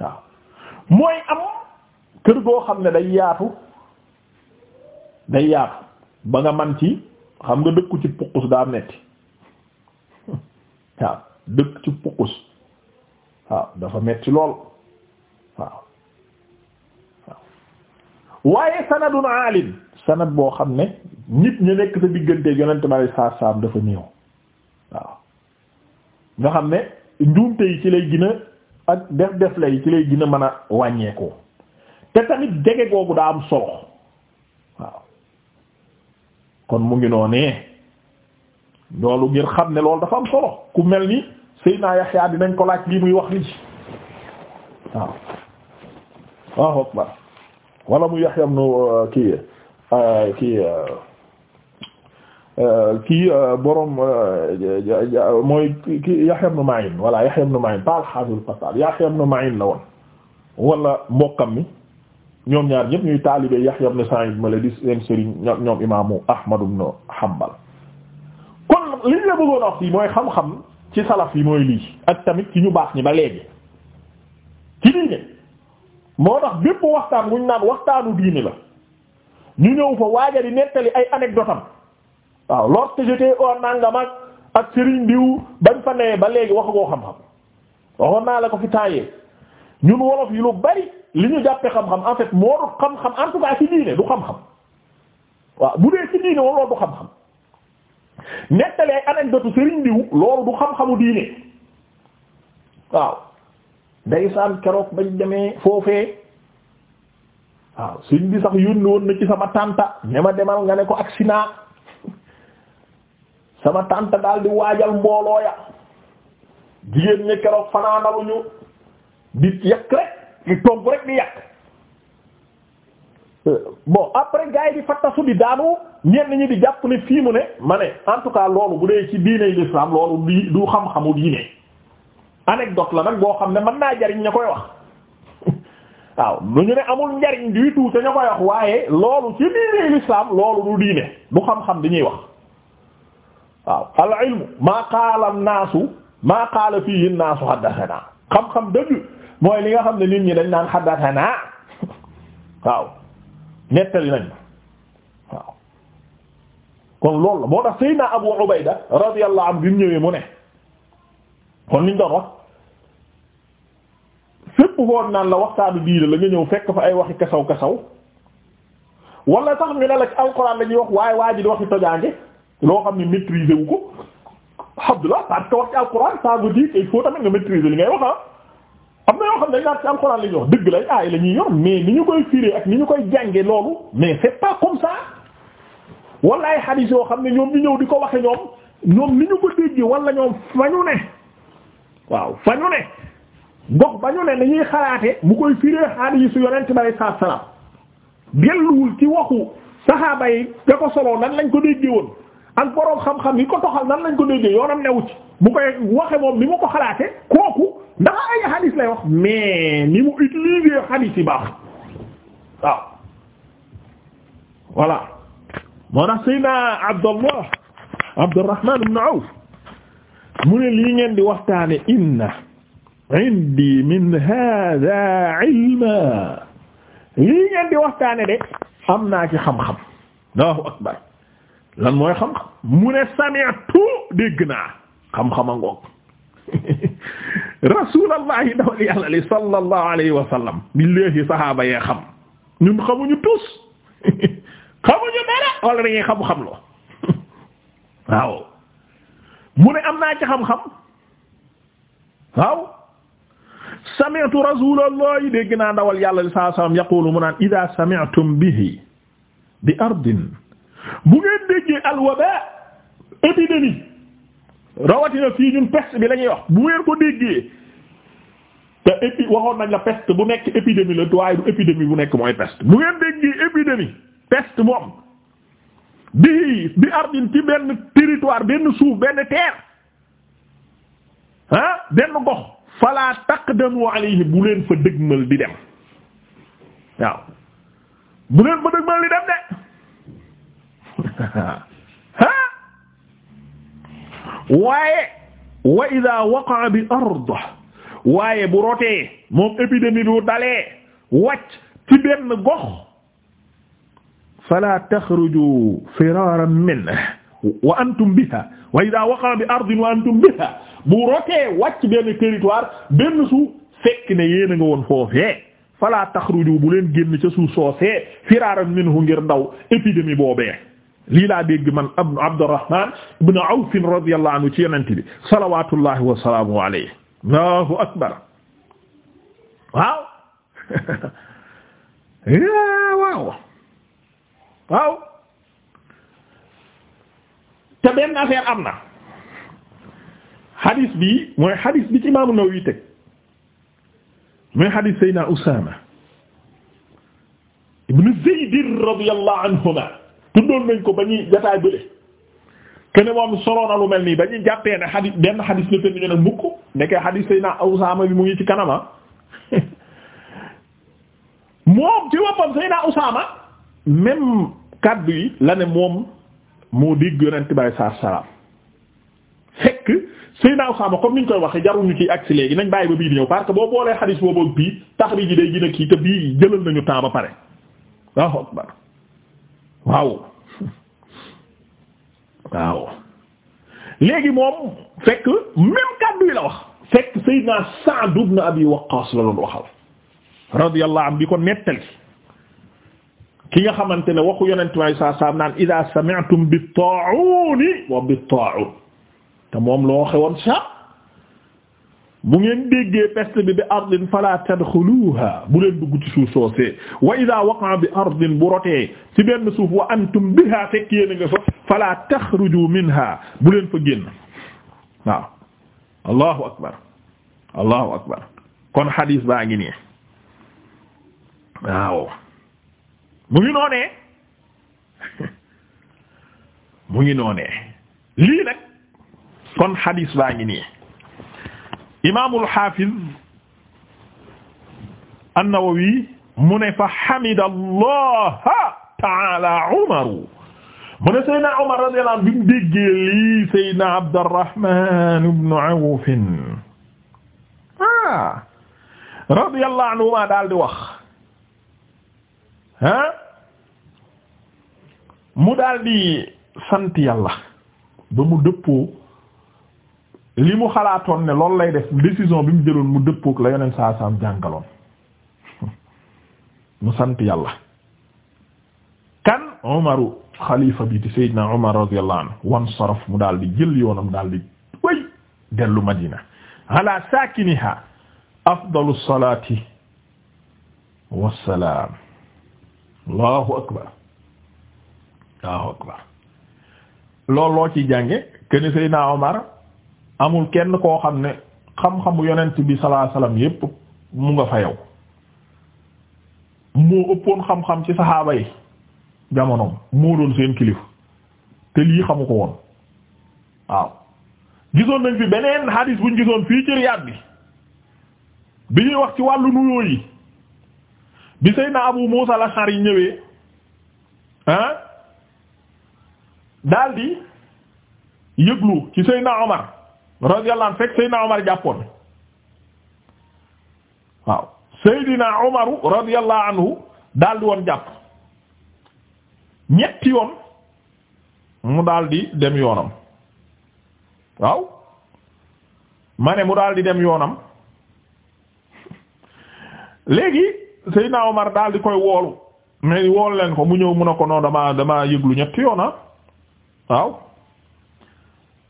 waaw mooy am kër goo xam ne day yaatu day yaatu ba nga man ci xam nga dëkku ci pukkus daa metti waaw dëkk ci pukkus waaw dafa metti lool waaw waaye sanadun aalim sanad boo xam ne nit ñu nekk sa diggante yonent bari saar saam dafa néew waaw nga xam ne njuumte yi ci lay gën ak def def lay ci lay gën a mën a wàññeekoo te tamit jege googu daa am solo waaw kon mu ngi noonee loolu ngir xam ne loolu dafa am solo ku mel ni Seydina Yaxya dinañ ko laaj lii muy wax lii waaw waaw akbar wala mu Yaxya ibnu uh, kii uh, kii uh, kii euh, boroom euh, mooy kii Yahya ibn Ma'in walla Yahya ibn Ma'in pas al-Hafiz Yahya ibn Ma'in la woon wala mbokkam mi ñoom ñaar ñëpp ñuy taalibe Yahya ibn Sa'id ma la di seen sëriñ ñoom imaamu Ahmad ibn Hanbal kon li la bëggoon wax fii mooy xam-xam ci salaf yi mooy lii ak tamit ci ñu baax ñi ba léegi ci diine moo tax bépp waxtaan bu ñu naan waxtaanu diine la ñu ñëw fa waaja di nettali ay anecdotam waaw lorsque j'étais au nangam ak ak Serigne Diou bañ fa nee ba léegi wax koo xam-xam waxoon naa la ko fi taayee ñun wolof yi lu bari li ñu jàppee xam-xam en fait moo du xam-xam en tout diine du xam-xam waaw bu dee ci diine wala du xam-xam nettali loolu du xam-xamu diine waaw ndeysaan keroog bañ demee foofee waaw suñ bi sax yónni woon na ci sama tànta ne ma demal nga ne ko ak naa sama tante daal di waajal mbooloo ya jigéen ñi keroog fanaanaluñu di yàq rek di tomb rek di yàq euh, bon après gars yi di fattasu di daanu ñenn ñi di jàpp ne fii mu ne ma ne en tout cas loolu bu dee ci diine l'islam loolu di du xam-xamu diine anecdote la nag boo xam ne man naa jariñ ña koy wax waaw lu ñu ne amul njariñ du tout te ña koy wax waaye loolu ci diine l'islam loolu du diine du xam-xam di ñuy wax waaw al ilmu maa qaala naasu maa qaala fiihi naasu haddasanaa xam-xam dëgg mooy li nga xam ne nit ñi dañ naan haddasanaa waaw nettali nañ waaw kon loolu la moo tax Seydina Abu Ubayda radiyallahu anhu bi mu ñëwee mu ne kon liñ doon wax fépp foon naan la waxtaanu diine la nga ñëw fekk fa ay waxi kasaw kasaw wala sax ñu ne la ci alxuraan wax waaye waa ji di waxi tojaange loo xam ne maîtriser wu ko alhamdulilah parce que wax ci alquran ça veut dire tamit nga maîtriser li ngay wax ah. am na yoo xam ne dañ naan ci alquran la ñuy wax dëgg lañ aay la ñuy yor mais ni ñu koy firé ak ni koy jànge loolu mais c'est pas ay hadith yoo xam ne ñoom ñu ñëw di ko waxe ñoom ñoom ni ñu ko déggee wala ñoom fa ñu ne waaw fa ñu ne gox ba ñu ne dañuy xalaate mu koy firé hadith yu yonent bi sallallahu alayhi wasallam delluwul ci waxu saxaaba yi da ko solo nan lañ ko déggee woon. ak borom xam-xam yi ko toxal nan lañ ko déggee yoonam newu ci bu koy waxe moom ni mu ko xalaate kooku ndax ay hadith lay wax mais ni mu utiliser hadith yi baax waaw moo tax Seydina Abdallah Abdurrahman ibn ne lii ngeen di waxtaane inna waxtaane am naa ci xam-xam Allahu akbar lan mooy xam-xam mu ne sami'tu dégg naa xam-xama ngoog rasulallahi dawal yàlla li sallallahu alayhi wa sallam billahi sahaaba yee xam ñun xamuñu tus xamuñu dara la dañuy xam-xam loo waaw mu ne am naa ci xam-xam waaw sami'tu rasulallahi dégg naa dawal yàlla li sallallahu alayhi wa sallam mu naan idha sami'tum bihi bi ardin bu ngeen déggee alwaba épidémie rawatina fii ñun peste bi lañuy wax bu ngeen ko déggee te épi waxoon nañ la peste bu nekk épidémie la waaye du épidémie bu nekk mooy peste bu ngeen déggee épidémie peste moom bii bi ardin ci benn territoire benn suuf benn terre ah benn gox fala taqdamu alayhi bu leen fa dëgmal di dem waaw bu leen fa dëgmal di dem de waaye wa ida waqaa bi arda waaye bu rotee moom épidémie du dalee wàcc ci benn gox fala taxruju firaran min wa antum biha wa ida waqaa bi ardin wa antum territoire benn suuf fekk ne yéen a nga woon foofee fala taxruju bu leen génn ca suuf soosee firaran minhu ngir daw épidémie boobee lii laa dégg man ab Abdurrahman ibn Awf radiyallahu anhu ci yonent bi salawatullahi wa salaamu alayhi Allahu akbar waaw eh, waaw waaw te benn affaire am na hadith bi mooy hadith bi ci Imam An-Nawawi teg mooy hadith Seydina Usaama ibn Zayd radiyallahu anhuma tuddoon nañ ko ba ñuy jataay bële kene moom solo lu mel nii ba ñuy jàppee ne xadis benn xadis la te ñu ne mukk nekkee xadis say naa Usaama bi mu ngi ci kanama moom ci woppam say naa Usaama même kaddu yi la ne moom moo digg yonent bi saa salaam fekk say naa Usaama comme niñ koy waxee jaruñu ci agsi léegi nañ bàyyi ba bii ñëw parce que boo boolee xadis boobu bii tax bi ji day gën kii te bii jëlal nañu temps ba pare waaw waaw léegi moom fekk même kàddu yi la wax fekk Seydina Sa'd ibn Abi Waqqas la doon waxal radiyallahu anhu bi ko nettali ki nga xamante ne waxu yonent bi saa saa naan idha sami'tum bit-ta'uni wa bit-ta'un te moom loo xewoon sa bu ngeen déggee peste bi bi ardin fala tadxuluha bu leen dugg ci suuf soosee wa ida bi ardin bu rotee ci benn suuf wa antum biha fekk yéen a nga fa minha bu leen fa génn waaw allahu akbar allahu akbar kon xadiis baa ngi nii waaw mu ngi noonee lii nag kon xadiis baa ngi nii imaamul xaafiz an-Nawawi mu ne fa hamida allaha taala Umaru mu ne Seydina Umar radiyallahu anhu bi mu déggee lii Seydina Abdurrahman ibn Awf ah radiyallahu anhu maa daal di wax ah mu daal di sant yàlla ba mu dëppoo. li mu xalaatoon ne loolu lay def décision bi mu jëloon mu dëppook la yoneen saa jàngaloon mu sant yàlla kan umaru xalifa bi ti sayyidina umar radiyallahu anhu wan saraf mu daal di jël yoonam daal di wéy dellu madina ala saakiniha afdalu salati wassalaam allahu loo ci jànge kene sayyidina umar amul kenn koo xam ne xam-xamu yonent bi sallallahu alayhi wasallam yépp mu nga fa yow moo ëppoon xam-xam ci saxaaba yi jamonoom moo doon seen kilif te lii xamu ko woon waaw gisoon nañ fi beneen hadis buñ gisoon fii ci bi bi ñuy wax ci wàllu nuyoo yi bi Seydina Abu Muusa xar yi ñëwee ah daldi yëglu ci Seydina Omar radiyallahu anhu fekk Seydina Omar jàppoon waaw Seydina Omar radiyallahu anhu daal woon jàpp ñetti yoon mu daal di dem yoonam waaw ma mu daal dem yoonam léegi Seydina Omar daal di koy woolu mais woolu leen ko mu ñëw mu ne ko non damaa damaa yëglu ñetti yoona ah. waaw.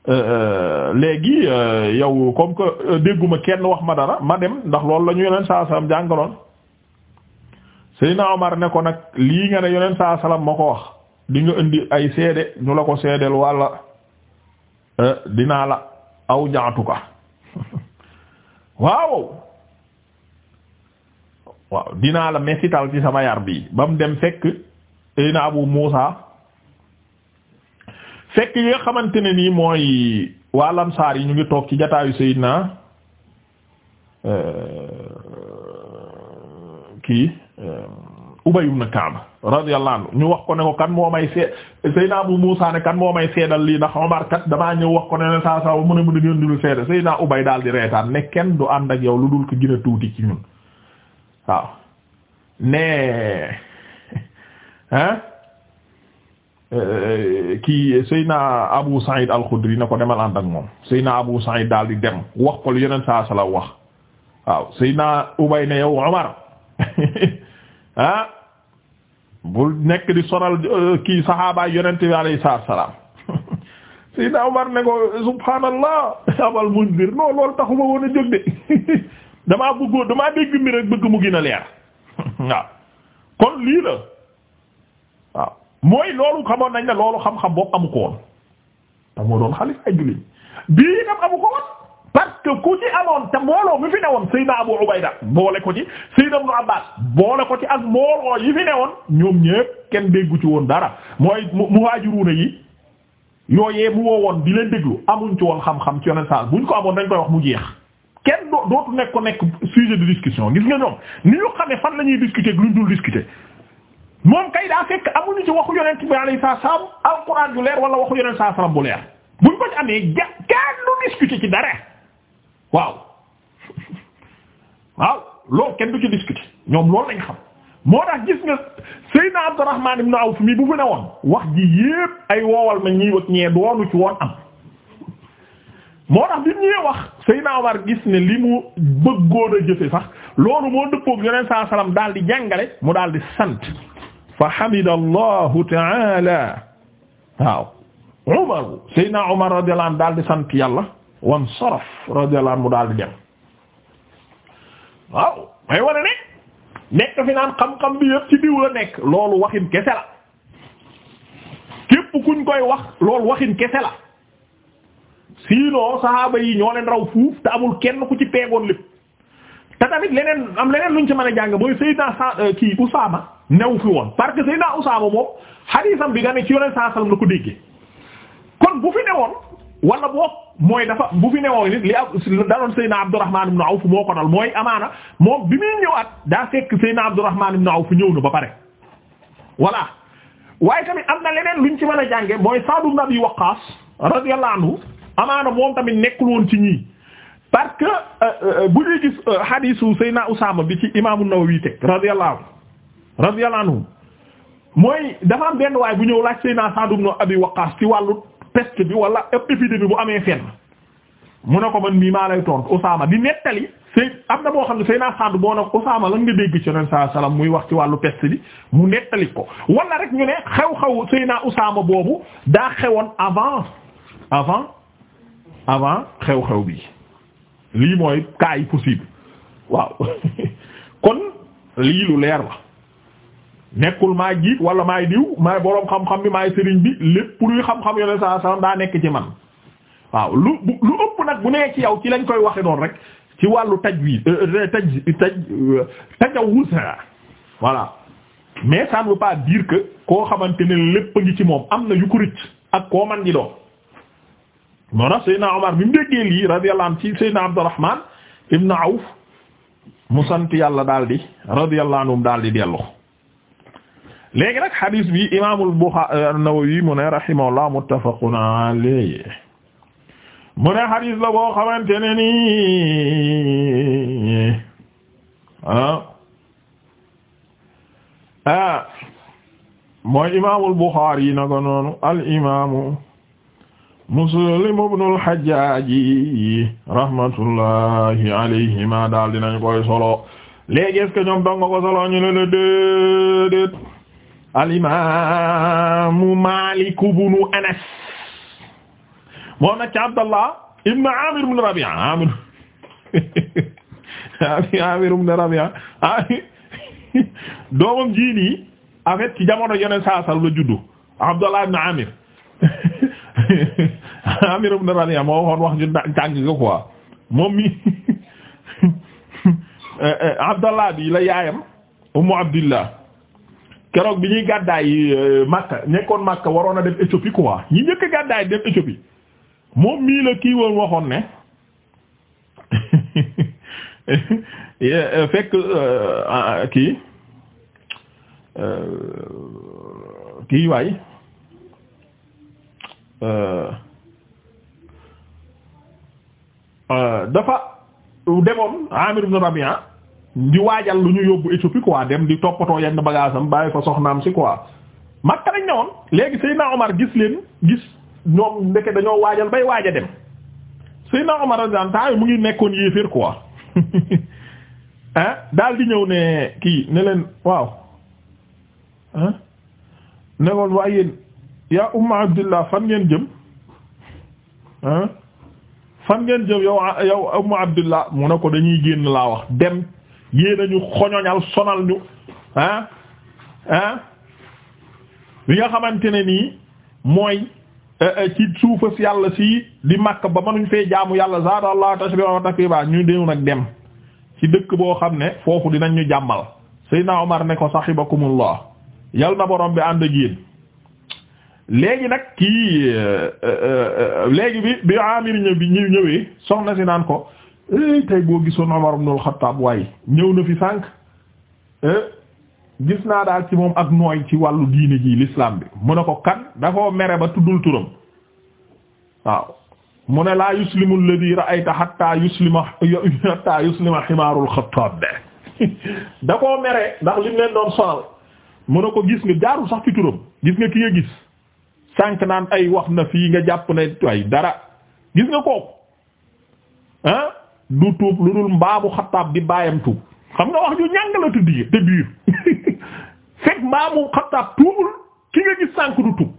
Euh, euh, léegi euh, yow comme que dégguma kenn wax ma dara ma dem ndax loolu la ñu yoneen saa salaam jàngaloon ma Omar ne ko nag lii nga ne yoneen saa salaam moo ko wax di nga indi ay seede ñu la ko seedeel walla dinaa la aw ñaatuka waaw waaw dinaa la mesital ci sama yar bii ba mu dem fekk Seydina Abu Muusa fekk yi nga xamante ne nii mooy waa lamsaar yi ñu ngi toog ci jataayu Seydina euh, kii euh, Ubay ibn Ka'b radiyallahu anhu ñu wax ko ne ko kan moo ay seet Seydina Abu Muusa ne kan moo may seedal lii ndax Omar kat damaa ñëw wax ko ne ne saa saa mu ne mu dëgg yoon di lu seede Seydina Ubay daal di reetaan ne kenn du ànd ak yow lu dul ko gën tuuti ci ñun waaw ne hein Euh, kii Seyna Abu Sa'id al-Khudri na ko demal ànd ak moom Seyna Abu Sa'id daal di dem wax ko lu yeneen saa sala wax waaw Ubay ne yow Omar ah bul nekk di sonal euh, kii saxaabaay yonent bi alayhi salaam Seyna Omar ne ko subhaanallah abal Mundir non loolu taxuma woon a jóg de damaa bëggoon damaa dégg mi rek bëgg mu gën a leer waaw kon lii la waaw. mooy loolu xamoon nañ ne loolu xam-xam boobu amu ko woon te moo doon xalifa ay jullit bii itam amu ko woon parce que ku ci amoon te mbooloo mi fi newoon Seydina Abu Ubayda boole ko ci Seydina Ibn Abbas boole ko ci ak mbooloo yi fi woon ñoom ñëpp kenn déggu ci woon dara mooy muhaajiruuna yi yooyee mu woo woon di leen déglu amuñ ci woon xam-xam ci yeneen saa buñ ko amoon dañ koy wax mu jeex. kenn dootu nekk ko nekk sujet de discussion gis nga ñoom ni ñu fan la ñuy discuter ak luñ moom kay daa fekk amuñu ci waxu yonent bi sa salaam alxuraan bu leer wala waxu yonent saa salaam bu leer buñ ko ci amee ja kenn du discuter ci dara waaw waaw loolu kenn du ci discuter ñoom loolu lañ xam moo tax gis nga Seydina Abdurrahman ibn Awf mi bu fi ne woon wax ji yépp ay woowal ma ñii wëkk ñee doonu ci woon am moo tax bi ñuy wax Seydina Omar gis ne li mu bëggoon a jëfe sax loolu moo dëppook yonent saa salaam daal di jàngale mu daal di sant. fa hamida allahu taala waaw Umar Seydina Umar radiyallahu anhu daal di sant yàlla wan saraf radiyallahu anhu mu daal di dem waaw may war a ne nekk fi naan xam-xam bi yëpp ci diw la nekk loolu waxin kese la képp kuñ koy wax loolu waxin kese la sinon sahaaba yi ñoo leen raw fuuf te amul kenn ku ci peegoon lépp te tamit leneen am leneen luñ ci mën a jàng mooy Seydina sa euh, kii Usaama new fi woon parce que Seydina Usaama moom xadiisam bi nga ne ci yoneen saa sallam la ko déggee kon bu fi newoon wala boog mooy dafa bu fi newoon li li daloon Seydina Abdurrahman ibn Awf moo ko dal mooy amaana moom bi muy ñëwaat daa fekk Seydina Abdurrahman ibn Awf ñëw na ba pare voilà waaye tamit am na leneen luñ ci mën a jànge mooy Sa'd ibn Abi Waqqas radiyallahu anhu amaana moom tamit nekkul woon ci ñii parce que euh, euh, bu ñuy gis hadiisu euh, Seydina Usaama bi ci imaamu Nawawi teg radiyallahu radiyallahu anhu mooy dafa am benn waay bu ñëw laaj Seydina Sa'd ibn Abi Waqqas ci wàllu pest bi wala épidémie bi bu amee fenn mu ne ko man mii maa lay tontu Usaama di nettali Sey am na boo xam ne Seydina Sa'd boo ne Usaama lan nga dégg ci Yonent sallallahu alayhi wasallam muy wax ci wàllu peste bi mu nettali ko wala rek ñu ne xew-xew Seydina Usaama boobu daa xewoon avant avant avant xew-xew bi lii mooy cas yi possible waaw kon lii lu leer la. nekkul maa jiit wala maay diw maay boroom xam-xam bi maay sëriñ bi lépp luy xam-xam yone saa saa daa nekk ci man waaw lu lu ëpp nag bu nekk ci yow ci lañ koy waxe noonu rek ci wàllu tajwid euh, euh, taj euh, taj tajawuz voilà mais ça ne veut pas dire que koo xamante ne lépp ngi ci moom am na yu ko rëcc ak koo man di doon moo tax Seydina Omar bi mu déggee lii radiyallahu anhu ci Seydina Abdurrahman ibn Awf mu sant yàlla daal di radiyallahu anhum daal di dellu léegi nag xadis bi imaamul Buxaari euh, Nawawi mu ne rahimahullah muttafaqun alayhi mu ne xadis la boo xamante ne ni ah ah mooy imaamul Buxaari naka noonu al imaamu Muslim ibnul Hajjaaj rahmatullahi alayhima daal dinañ koy solo léegi est-ce ñoom dong solo ñu ne la déedéet alimamu Maalik ibn Anas moom nag ci Abdallah ibn Amir ibn Rabi'a Amir Amir ibn Rabi'a doomam ji nii en jamono yeneen saa sal la juddu Abdallah ibn Amir Amir ibn Rabi'a moo waxoon wax ju tàng ko quoi moom mi eh, eh, Abdallah bi la yaayam Abdillah keroog bi ñuy gàddaay euh, Makka nekkoon Makka waroon a dem Éthiopie quoi ñi njëkk gàddaay dem Éthiopie moom mii kii woon waxoon ne euh, fekk euh, ah, ah, kii kii waay dafa demoon Amir ibn Rabi'a di waajal lu ñu yóbbu Éthiopie quoi dem di toppatoo yenn bagaasam bàyyi fa soxnaam si quoi Makka lañ ne woon léegi Seydina Omar gis leen gis ñoom ndeke dañoo waajal bay waaj dem Seydina Omar radiyallahu anhu mu ngi nekkoon yéeféer quoi ah daal di ñëw ne kii ne leen waaw ah ne woon waa yaa umma abdillah fan ngeen jëm ah fan ngeen jëm yow yow umma abdillah mu ne ko dañuy génn laa wax dem yée nañu xoñoñal sonal ñu ah ah li nga xamante ne nii mooy eh, eh, ci suufa yàlla si di màkk ba ma nuñ fee jaamu yàlla zaada allah tashbiran a takriba ñu déew nag dem ci dëkk boo xam ne foofu dinañ ñu jàmmal Seydina Omar ne ko sahibakumullah yal na borom bi ànd ak yéen léegi nag kii eh, léegi bi bi amir bi ñu ñëwee soxna si naan ko eh tey boo gisoon Umar ibn ñëw na fi sànq eh, gis naa daal ci moom ak nooy ci wàllu diine ji lislaam bi mu ne ko kan da koo mere ba tuddul turam waaw mu ne laa yuslimu alladhi ra'ayta hatta yuslima hatta yuslima himaarul Khattab da koo mere ndax lim leen doon sonal mu ne ko gis nga jaarul sax ci turam gis nga ki nga gis sànq naan ay wax na fii nga jàpp ne ay dara gis nga kooku ah? du tuub lu dul mbaabu xattaab di baayam tuub xam nga wax ju ñàng la tuddi te biir fekk mbaabu ki nga gis sànk du tuub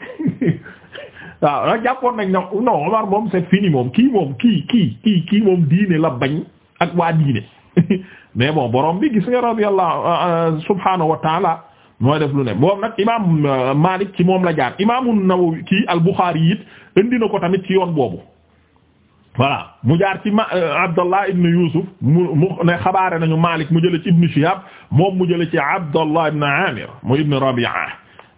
waaw nag jàppoon nañ non non Omar moom c'est moom kii moom kii kii kii kii diine la bañ ak waa diine mais bon borom bi gis nga radiyallahu euh, euh, subhanahu wa taala mooy def lu ne moom nag imaam euh, Maalik ci moom la jaar imaamu Nawawi kii al-Bukhari it indi na ko tamit ci yoon boobu voilà mu jaar ci ma euh, Abdallah ibn Yusuf mu mu ne xabaare nañu Malik mu jële ci ibn Shihab moom mu jële ci Abdallah ibn Amir mu ibn Rabi'a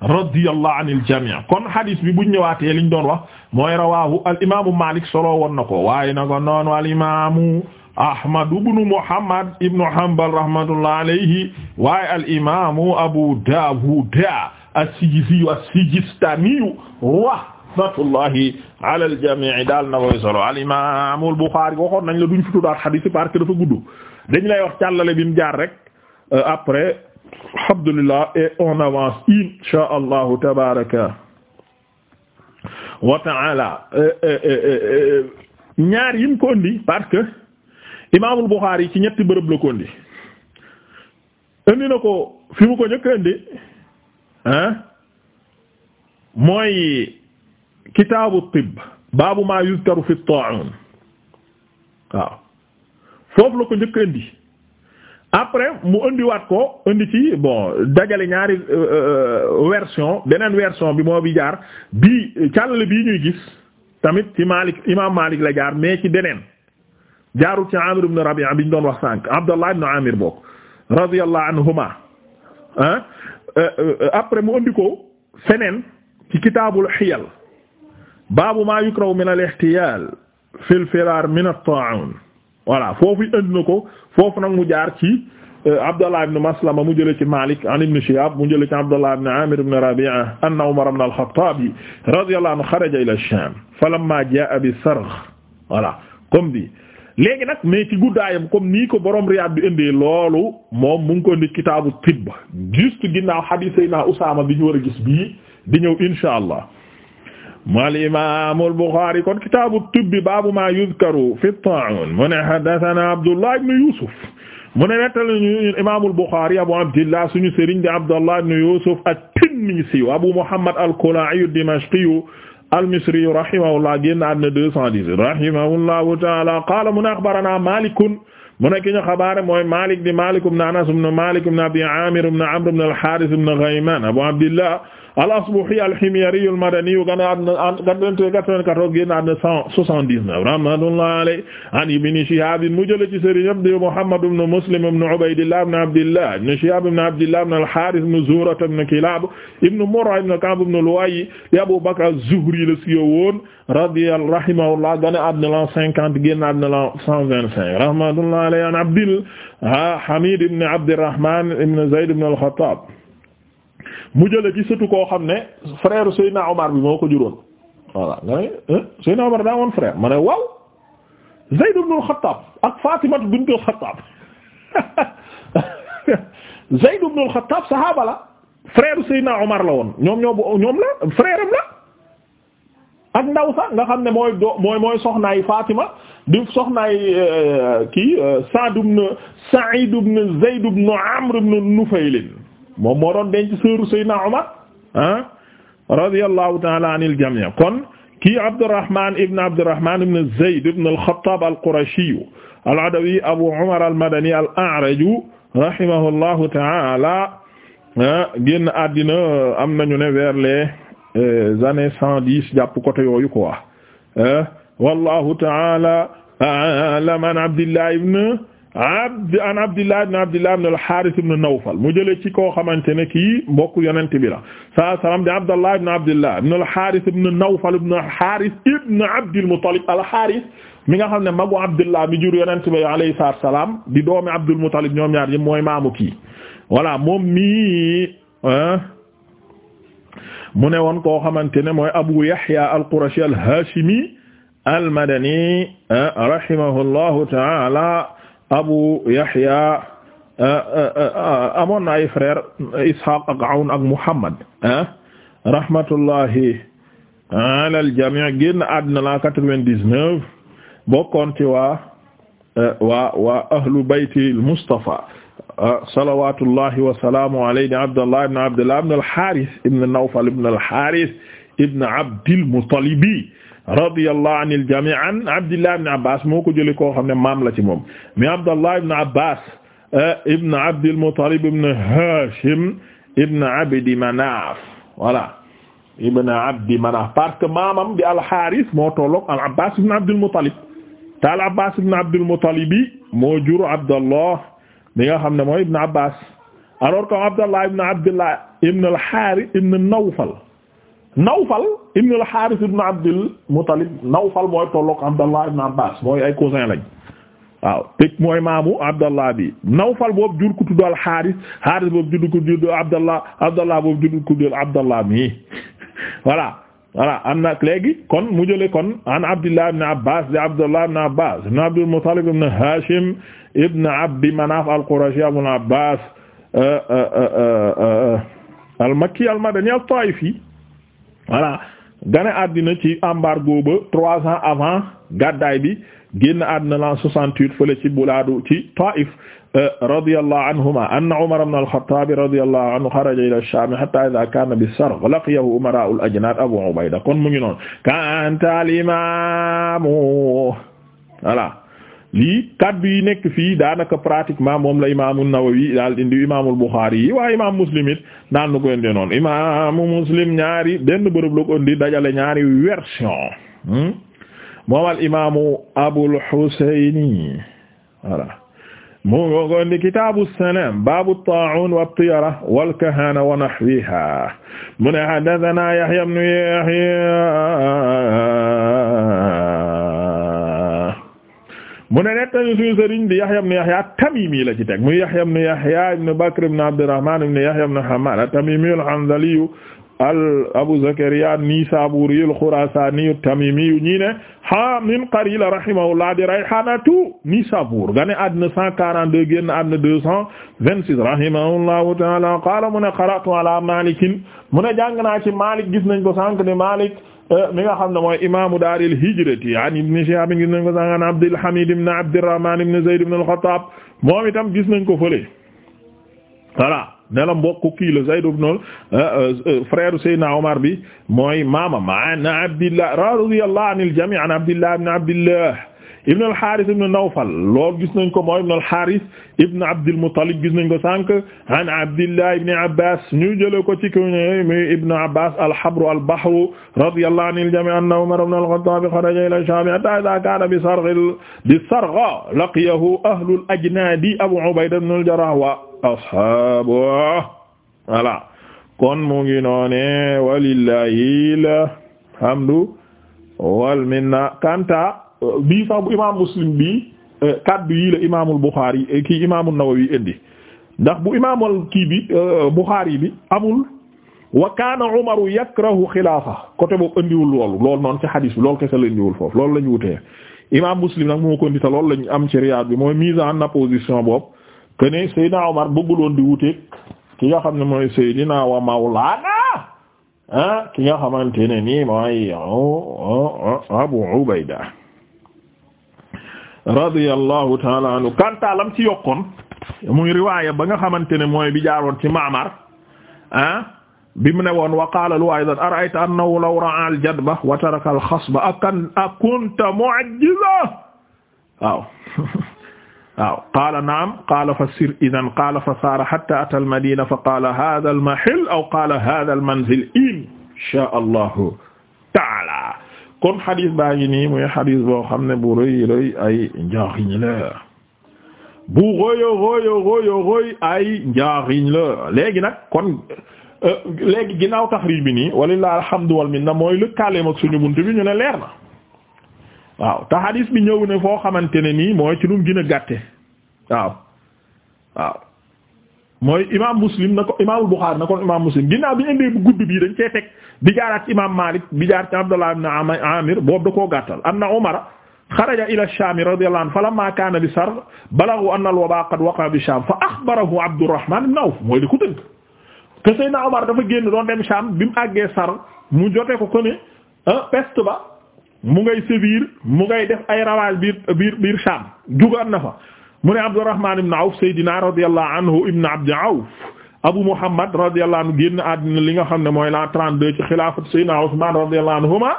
radiyallahu anil jami' kon hadis bi buñ ñëwaatee liñ doon wax mooy rawahu al imaamu Malik solo woon na ko waaye na ko noonu al imaamu Ahmad ibn Muhammad ibn Hanbal rahmatullahi alayhi waaye al imaamu Abu Dawud as-Sijizi as-Sijistani wa rahmatullahi ala al daal na koy solo al imam al-Bukhari dañ lay wax càllale bi jaar rek euh, après alhamdulillah et on avance insha allahu tabaraka wa taala euh, euh, ñaar yim ko indi parce que imam al-Bukhari ci ñetti bërëb la ko indi indi ko fi mu ko njëkk indi hein mooy kitaabu tibb baabu maa yuzkaru fi ta'un waaw foofu la ko njëkk indi après mu indiwaat ko indi ci bon dajale ñaari euh, euh, version beneen version bi moo bi jaar bii càll bii ñuy gis tamit ci Malik imaam Malik la jaar mais ci beneen jaarul ci Amir ibn Rabi'a bi ñu doon wax sànq Abdallah ibn Amir bokk radiyallahu anhuma ah après mu indi ko feneen ci kitaabul xiyal baabu ma yukrahu min al ihtiyaal fil firaar min at ta'un voilà foofu indi na ko foofu nag mu jaar ci euh, Abdallah ibn Maslama mu jëlee ci Malik an ibn Shihab mu jëlee ci Abdallah ibn Amir ibn Rabi'a anna Umar ibn al-Khattab radiyallahu anhu xaraja ila Sham falamma jaa'a bi sargh voilà comme bi léegi nag mais ci guddaayam comme ko borom Riyad bi indee loolu moom mu ngi ko indi kitaabu tibb juste ginnaaw hadiis Seydina Usaama bi ñu war a gis bii di ñëw inshaa Allah mal imaam al-Buxaari kon kitaabu tibbi baabu maa yuzkaru fi at-taa'uun mu ne haddasanaa Abdullah ibn Yuusuf mu ne nettali imaam al-Buxaari Abu Abdillah suñu sëriñ di Abdullah ibn Yuusuf at-Tinnisi Abu Muhammad al-Kalaa'i ad-Dimashqi al-Misri rahimahullah génn àddina 210 rahimahullahu ta'aala qaala mu ne axbaranaa Maalik mu ne ki ñu xabaare mooy Maalik di Maalik ibn Anas ibn Maalik ibn Abi Aamir ibn Amr ibn al-Haaris ibn Ghaymaan Abu Abdillah al-Asbahi al-Himyari al-Madani gànnaaw gànnaaw gànnaaw 179 rahmatullahi alayhi an Ibn Shihab mu jëlee ci sëriñ am di Muhammad ibn Muslim ibn Ubaydillah ibn Abdillah ibn Shihab ibn Abdillah ibn al-Harith ibn Zuhra ibn Kilab ibn Murra ibn Ka'b ibn Lu'ay Abu Bakr az-Zuhri la si woon radiyallahu rahimahullah gànnaaw àddina la 50 génn àddina la 125 rahmatullahi alayhi an Abdil ah, Hamid ibn Abdirrahman ibn Zayd ibn al-Khattab mu jële ci koo xam ne frère Seydina Omar bi moo ko juróon voilà nga ne Seydina Omar daa woon frère ma ne waaw Zayd ibn al-Khattab ak Fatima bint al-Khattab Zayd ibn saxaaba la frère Seydina Omar la woon ñoom ñoo ñoom la frère la ak ndaw sax nga xam ne mooy do mooy mooy soxnaay Fatima di soxnaay euh, kii euh, Sa'd ibn Sa'id ibn Zayd ibn Amr ibn Nufayl moom moo doon denc sëru Seydina Omar ah radiyallahu ta'ala anil jami' kon kii Abdurrahman ibn Abdurrahman ibn Zayd ibn al-Khattab al-Qurashi al-Adawi Abu Umar al-Madani al-A'raj rahimahullahu ta'ala ah, génn àddina am nañu ne vers les euh, années cent dix jàpp côté yooyu quoi ah, wallahu ta'ala a'lam an Abdillah ibn abd an abdillah ibn abdillah ibn al-Harith ibn Nawfal mu jëlee ci koo xamante ne kii mbokk yonent bi la saa salaam di abdallah ibn abdillah ibn al-Harith ibn Nawfal ibn al-Harith ibn Abdil Muttalib al-Harith mi nga xam ne magu abdillah mi jur yonent bi alayhi salaam di doomi Abdul Muttalib ñoom ñaar ñëpp mooy maamu kii voilà moom mii mu ne woon koo xamante ne mooy Abu Yahya al-Qurashi al-Hashimi al-Madani rahimahullahu ta'ala abu yahya euh, euh, euh, amoon na ay frère ishaq ak awn ak muhammad rahmatullahi ala al jami' génn àddina la quatre-vingt-dix-neuf bokkoon ci waa waa waa ahlu bayti al mustafa salawatullahi wa salaamu alayhi abdullah ibn abdullah ibn al harith ibn nawfal ibn al harith ibn abd al muttalib radiyallahu anil jami' an Abdullah ibn Abbas moo ko jëlee koo xam ne maam la ci moom mi Abdullah ibn Abbas euh, ibn Abdil Muttalib ibn Hashim ibn Abdi Manaf voilà ibn Abdi Manaf parce que maamam di al-Harith moo tolloog al-Abbas ibn Abdil Muttalib te al-Abbas ibn Abdil Muttalib bi moo jur Abdallah mi nga xam ne mooy ibn Abbas alors que Abdallah ibn Abdillah ibn al-Harith ibn Nawfal Nawfal ibn al-Harith ibn Abdul Muttalib Nawfal mooy tolloog Abdallah ibn Abbas mooy ay cousin lañ waaw teg mooy maamu Abdallah bi Nawfal boobu jur ku tudd al-Harith Harith boobu jur ku tudd Abdallah Abdallah boobu jur ku tudd Abdallah mi voilà voilà am na léegi kon mu jëlee kon an Abdillah ibn Abbas di Abdallah ibn Abbas ibn Abdul Muttalib ibn Hashim ibn Abdi Manaf al-Qurashi Abul Abbas euh, euh, euh, al-Makki al-Madani at-Taifi voilà gane àddina ci embargo ba trois ans avant gàddaay bi génn àddina l'an soixante-huit fële ci bulaadu ci Taif euh, radiyallahu anhuma anna Umar ibn al-Khattab radiyallahu anhu xaraja ila ash-Sham hatta idha kana bi-Sargh laqiyahu umara'u al-ajnad Abu Ubayda kon mu ngi noonu kanta limamu voilà lii kaddu yi nekk fii daanaka pratiquement moom la imaamu Nawawi daal indi imaamul Buxaari yi waa imaam Muslim it naan na ko indi noonu imaamu Muslim ñaari benn bërëb la ko indi dajale ñaari version hmm? moom al imaamu Abul Husayni voilà mu ngi ko indi kitaabu salaam baabu taa'uun wa tiyara wal kahaana wa nahwiha mu ne haddasanaa Yahyaa ibnu Yahyaa nettali suñu sëriñ di Yahya ibn Yahya at-Tamimi la ci teg muy Yahya ibn Yahya ibn Bakr ibn Abdurrahman ibn Yahya ibn Hammad at-Tamimi al-Hanzali al Abu Zakariya an-Nisaburi al-Khurasani at-Tamimi ñi ne Hamim Qaril rahimahullah di Rayhanatu Nisabur gane àddina 142 génn àddina 226 rahimahullahu ta'ala qala mu ne qara'tu ala Malik mu ne jàng naa ci Malik gis nañ ko sànq ne Malik Euh, mi nga xam ne mooy imaamu daaril hijrati an ibn Shihab gis nañ ko sànqaan Abdul Hamid ibn Abdurrahman ibn Zayd ibn al-Khattab moom itam gis nañ ko fële voilà ne la mbokk kii la Zayd ibn euh, euh, frère Seydina Omar bi mooy maamam an Abdillah radiyallahu anil jami' an Abdillah ibn Abdillah ibn al-Harith ibn Nawfal lool gis nañ ko mooy ibn al-Harith ibn Abdul Muttalib gis nañ ko sànq an Abdillah ibn Abbas ñu jëlee ko ci kaw muy ibn Abbas al-Habru al-Bahru radiyallahu anil jami' anna Umar ibn al-Khattab kharaja ila Sham hatta idha kana bi sargh bi sargha laqiyahu ahlu al-ajnadi Abu Ubayda ibn al-Jarrah wa ashabuhu voilà kon mu ngi noone walillahi alhamdu wal minna kanta bii sax bu imaam muslim bii euh, kaddu yii la imaamul Buxaari euh, kii imaamul Nawawi indi ndax bu imaamul kii bi euh, Buxaari bi amul wa kaana Umaru yakrahu xilaafa côté boobu indiwul loolu loolu noonu ci xadiis bi loolu kese la indiwul foofu loolu la ñu wutee imaam muslim nag moo ko indi te loolu lañ am ci Riyaad bi mooy mise en opposition boobu que ne Seydina Omar bëgguloon di wuteeg ki nga xam ne mooy Seydina wa Mawlaana ah ki xamante ne nii mooy oh, oh, oh, Abu Ubayda radiyallahu taala anhu kantaalam ci yokkoon muy riwaaya ba nga xamante ne mooy bi jaaroon ci Ma'mar ah bi mu ne woon wa qaala lu aydan ara'ayta annahu law ra'a al-jadba wa taraka al-khasba akan akunta mu'ajjiza waaw waaw qaala naam qaala fasir idan qaala fasaara hatta ata al-madina fa qaala haadha al-mahill aw qaala haadha al-manzil inshaa Allah kon xadis baa ngi nii muy xadis boo xam ne bu rëy rëy ay njaaxiñ la bu royo royo ay njaaxiñ la léegi nag kon euh, léegi ginnaaw taxrij bi nii walilah alhamdu wal minna mooy lëkkaaleem ak suñu bunt bi ñu ne leer na waaw te xadis bi ñëw ne foo xamante ne nii mooy ci nu mu gën a gàtte waaw waaw mooy imaam muslim na ko imaamul buxaari na ko imaam muslim ginnaaw bi ñu indee gudd bii dañ cee teg bi jaaraat ci imaam Maalik bi jaar ci Abdullah ibn Amir boobu da koo gàttal am na Umar xaraja ila Shaami radiyallahu anhu falammaa kaana bi Sarh balaghu anna al-wabaa qad waqa'a bi Shaam fa axbarahu Abdurrahmaan ibn Awf mooy di ko tënk. te Seydina Umar dafa génn doon dem Shaam bi mu àggee Sarh mu jote ko ko ne ah peste ba mu ngay sévir mu ngay def ay ravage biir biir biir Shaam jugaan na fa. mu ne Abdurrahman ibn Awf Seydina radiyallahu anhu ibn Abd Awf Abu Muhammad radiyallahu anhu génn àddina li nga xam ne mooy la 32 ci xilaafatu Seydina Usman radiyallahu anhuma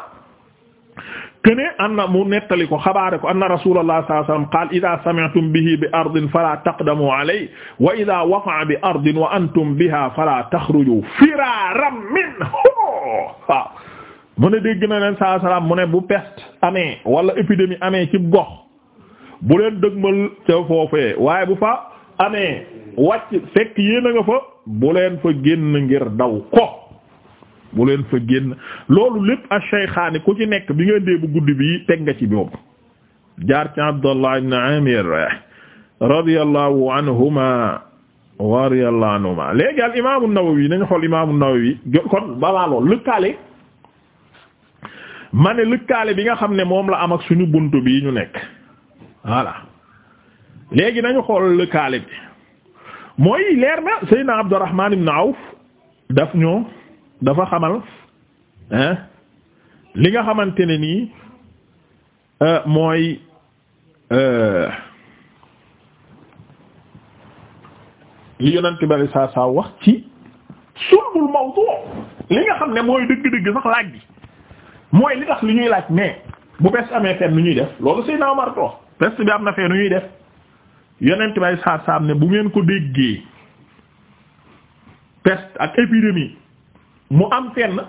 kene anna mu nettali ko xabaare ko anna rasulullah sallallahu alayhi wasallam qaal ida sami'tum bihi bi ardin fala taqdamu alayhi wa ida waqa'a bi ardin wa antum biha fala taxruju firaran minhu waaw mu ne dégg na leen sallallahu alayhi wasallam mu ne bu peste amee wala épidémie amee ci gox bu leen dëgmal ca foofee waaye bu fa amee wàcc fekk yéen a nga fa bu leen fa génn ngir daw ko bu leen fa génn loolu lépp a shaykhaani ku ci nekk bi nga dee bu guddi bi teg nga ci moom jaar ci Abdallah ibn Amir radiyallahu anhuma wa radiyallahu anhuma léegi al imaam an-Nawawi nañu xool imaam nawawi kon balaa lool ma ne lëkkaale bi nga xam ne moom la am ak suñu bunt bi ñu nekk voilà léegi nañu xool lëkkaale bi mooy leer na Seydina Abdurrahman ibn Awf daf ñoo dafa xamal hein li nga xamante ne nii euh, mooy euh, li yonent bari saa wax ci sulbul mawdu nga xam ne mooy dëgg-dëgg sax laaj bi mooy li tax li ñuy laaj mais bu bees amee fenn lu ñuy def loolu Seydina Omar to peste bi am na fee nu ñuy def yonent bay saar saar ne bu ngeen ko déggee peste ak épidémie mu am fenn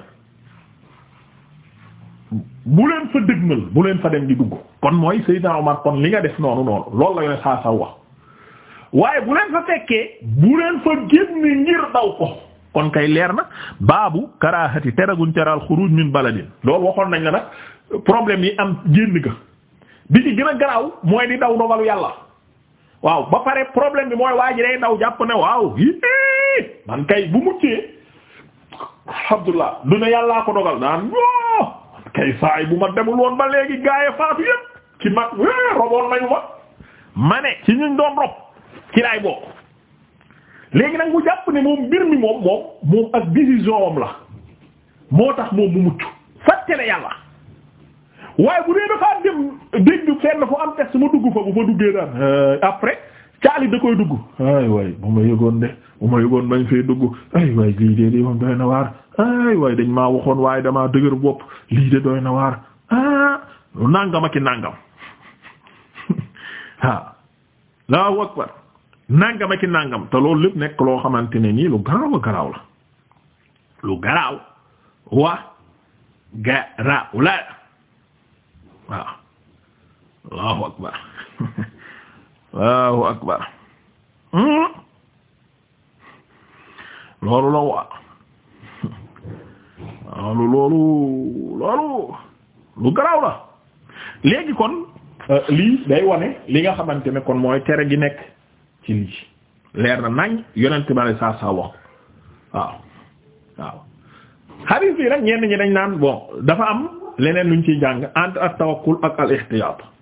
bu leen fa dëgmal bu leen fa dem di dugg kon mooy Seydina Omar kon li nga def noonu noonu loolu la yonent saa saa wax waaye bu leen fa fekkee bu leen fa génn ngir daw ko kon kay leer na baabu karaahati teraguñ teraal xuruj min baladin loolu waxoon nañ la nag problème yi am génn ka bi ci gën a garaaw mooy di daw dogalu yàlla waaw ba pare problème bi mooy waa ji day daw jàpp ne waaw man kay bu muccee alhamdulilah du ne yàllaa ko dogal naan o man kay saay bu ma demul woon ba léegi gaaye faatu yépp ci ma roboon nañu ma ma ne ci ñuñ doon rob ci laay bokk léegi nag mu jàpp ne moom mbir mi moom moom moom ak décision la moo tax moom mu mucc fàtte ne yàlla waaye bu dee dafa dem dégg fenn fu am test ma dugg fa bu fa duggee daan euh, après caali da koy dugg ay waay bu ma yëgoon de bu ma yëgoon dañ fee dugg ay waay lii de de moom doy na waar ay waay dañ maa waxoon waaye damaa dëgër bopp lii de doy na waar ah nangam ak ki nangam ah Allahu akbar nangam ak i nangam te loolu lépp nekk loo xamante ne nii lu garaaw a garaaw la lu garaaw wa garaaw la. waaw allahu akbar allahu akbar hmm? loolu loolu lu garaaw la léegi kon euh, lii day wane li nga xamante ne kon mooy tere gi nekk ci lii leer na nañ yonent ba ne saa saa wax waaw waaw xaris bi nag ñenn ñi dañ naan bon dafa am leneen luñ ciy jàng entre at tawakkul ak al ihtiyaat